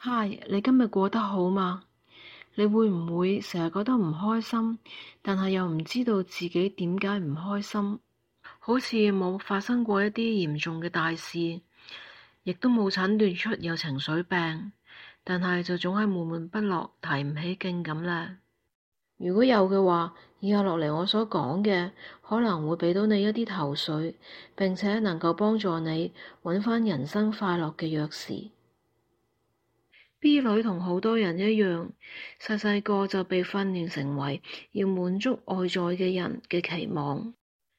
嗨，Hi, 你今日過得好嗎？你會唔會成日覺得唔開心，但係又唔知道自己點解唔開心？好似冇發生過一啲嚴重嘅大事，亦都冇診斷出有情緒病，但係就總係悶悶不樂，提唔起勁咁啦。如果有嘅話，以下落嚟，我所講嘅可能會俾到你一啲頭緒，並且能夠幫助你揾翻人生快樂嘅鑰匙。B 女同好多人一樣，細細個就被訓練成為要滿足外在嘅人嘅期望，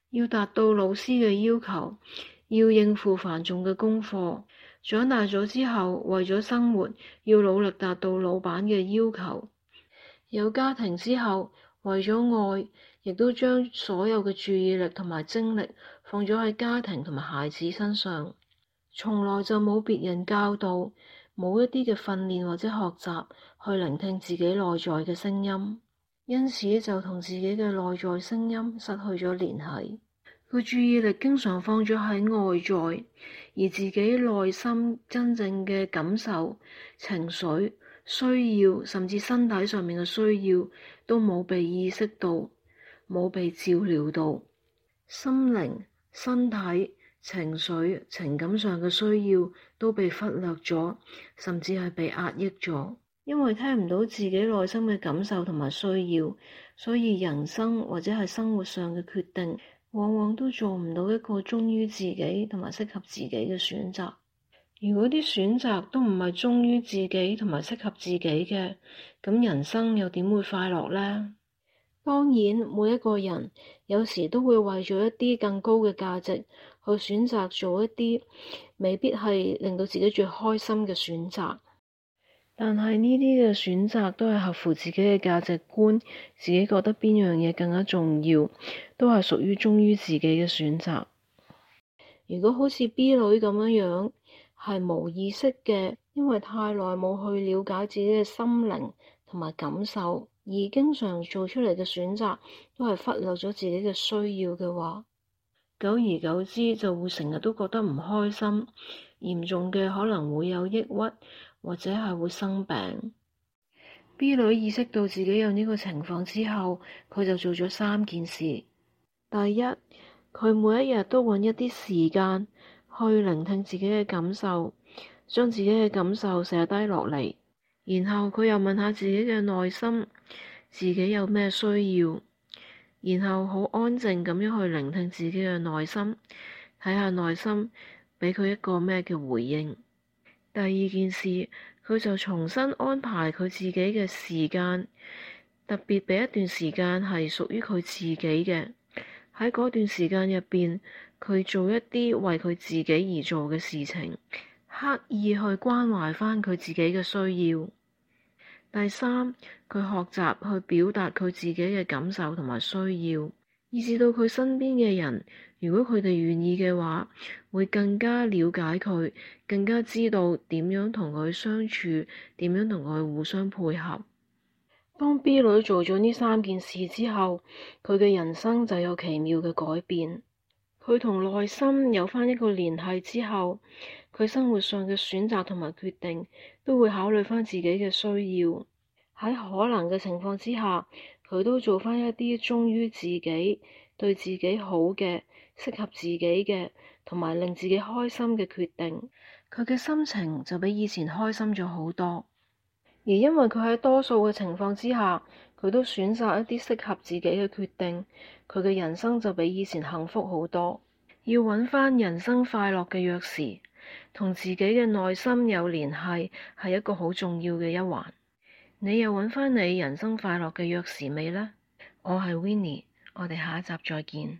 要達到老師嘅要求，要應付繁重嘅功課。長大咗之後，為咗生活，要努力達到老闆嘅要求。有家庭之後，為咗愛，亦都將所有嘅注意力同埋精力放咗喺家庭同埋孩子身上，從來就冇別人教導。冇一啲嘅訓練或者學習去聆聽自己內在嘅聲音，因此就同自己嘅內在聲音失去咗聯繫。個注意力經常放咗喺外在，而自己內心真正嘅感受、情緒、需要，甚至身體上面嘅需要，都冇被意識到，冇被照料到。心靈、身體。情緒、情感上嘅需要都被忽略咗，甚至係被壓抑咗，因為聽唔到自己內心嘅感受同埋需要，所以人生或者係生活上嘅決定，往往都做唔到一個忠於自己同埋適合自己嘅選擇。如果啲選擇都唔係忠於自己同埋適合自己嘅，咁人生又點會快樂呢？當然，每一個人有時都會為咗一啲更高嘅價值。會選擇做一啲未必係令到自己最開心嘅選擇，但係呢啲嘅選擇都係合乎自己嘅價值觀，自己覺得邊樣嘢更加重要，都係屬於忠於自己嘅選擇。如果好似 B 女咁樣樣係無意識嘅，因為太耐冇去了解自己嘅心靈同埋感受，而經常做出嚟嘅選擇都係忽略咗自己嘅需要嘅話，久而久之，就會成日都覺得唔開心，嚴重嘅可能會有抑鬱，或者係會生病。B 女意識到自己有呢個情況之後，佢就做咗三件事。第一，佢每一日都搵一啲時間去聆聽自己嘅感受，將自己嘅感受寫低落嚟。然後佢又問下自己嘅內心，自己有咩需要。然後好安靜咁樣去聆聽自己嘅內心，睇下內心俾佢一個咩嘅回應。第二件事，佢就重新安排佢自己嘅時間，特別俾一段時間係屬於佢自己嘅。喺嗰段時間入邊，佢做一啲為佢自己而做嘅事情，刻意去關懷返佢自己嘅需要。第三，佢學習去表達佢自己嘅感受同埋需要，以至到佢身邊嘅人，如果佢哋願意嘅話，會更加了解佢，更加知道點樣同佢相處，點樣同佢互相配合。當 B 女做咗呢三件事之後，佢嘅人生就有奇妙嘅改變。佢同內心有翻一個聯繫之後，佢生活上嘅選擇同埋決定都會考慮翻自己嘅需要。喺可能嘅情況之下，佢都做翻一啲忠於自己，對自己好嘅，適合自己嘅同埋令自己開心嘅決定。佢嘅心情就比以前開心咗好多。而因為佢喺多數嘅情況之下，佢都選擇一啲適合自己嘅決定，佢嘅人生就比以前幸福好多。要揾翻人生快樂嘅鑰匙，同自己嘅內心有聯繫，係一個好重要嘅一環。你又揾翻你人生快樂嘅鑰匙未呢？我係 Winnie，我哋下一集再見。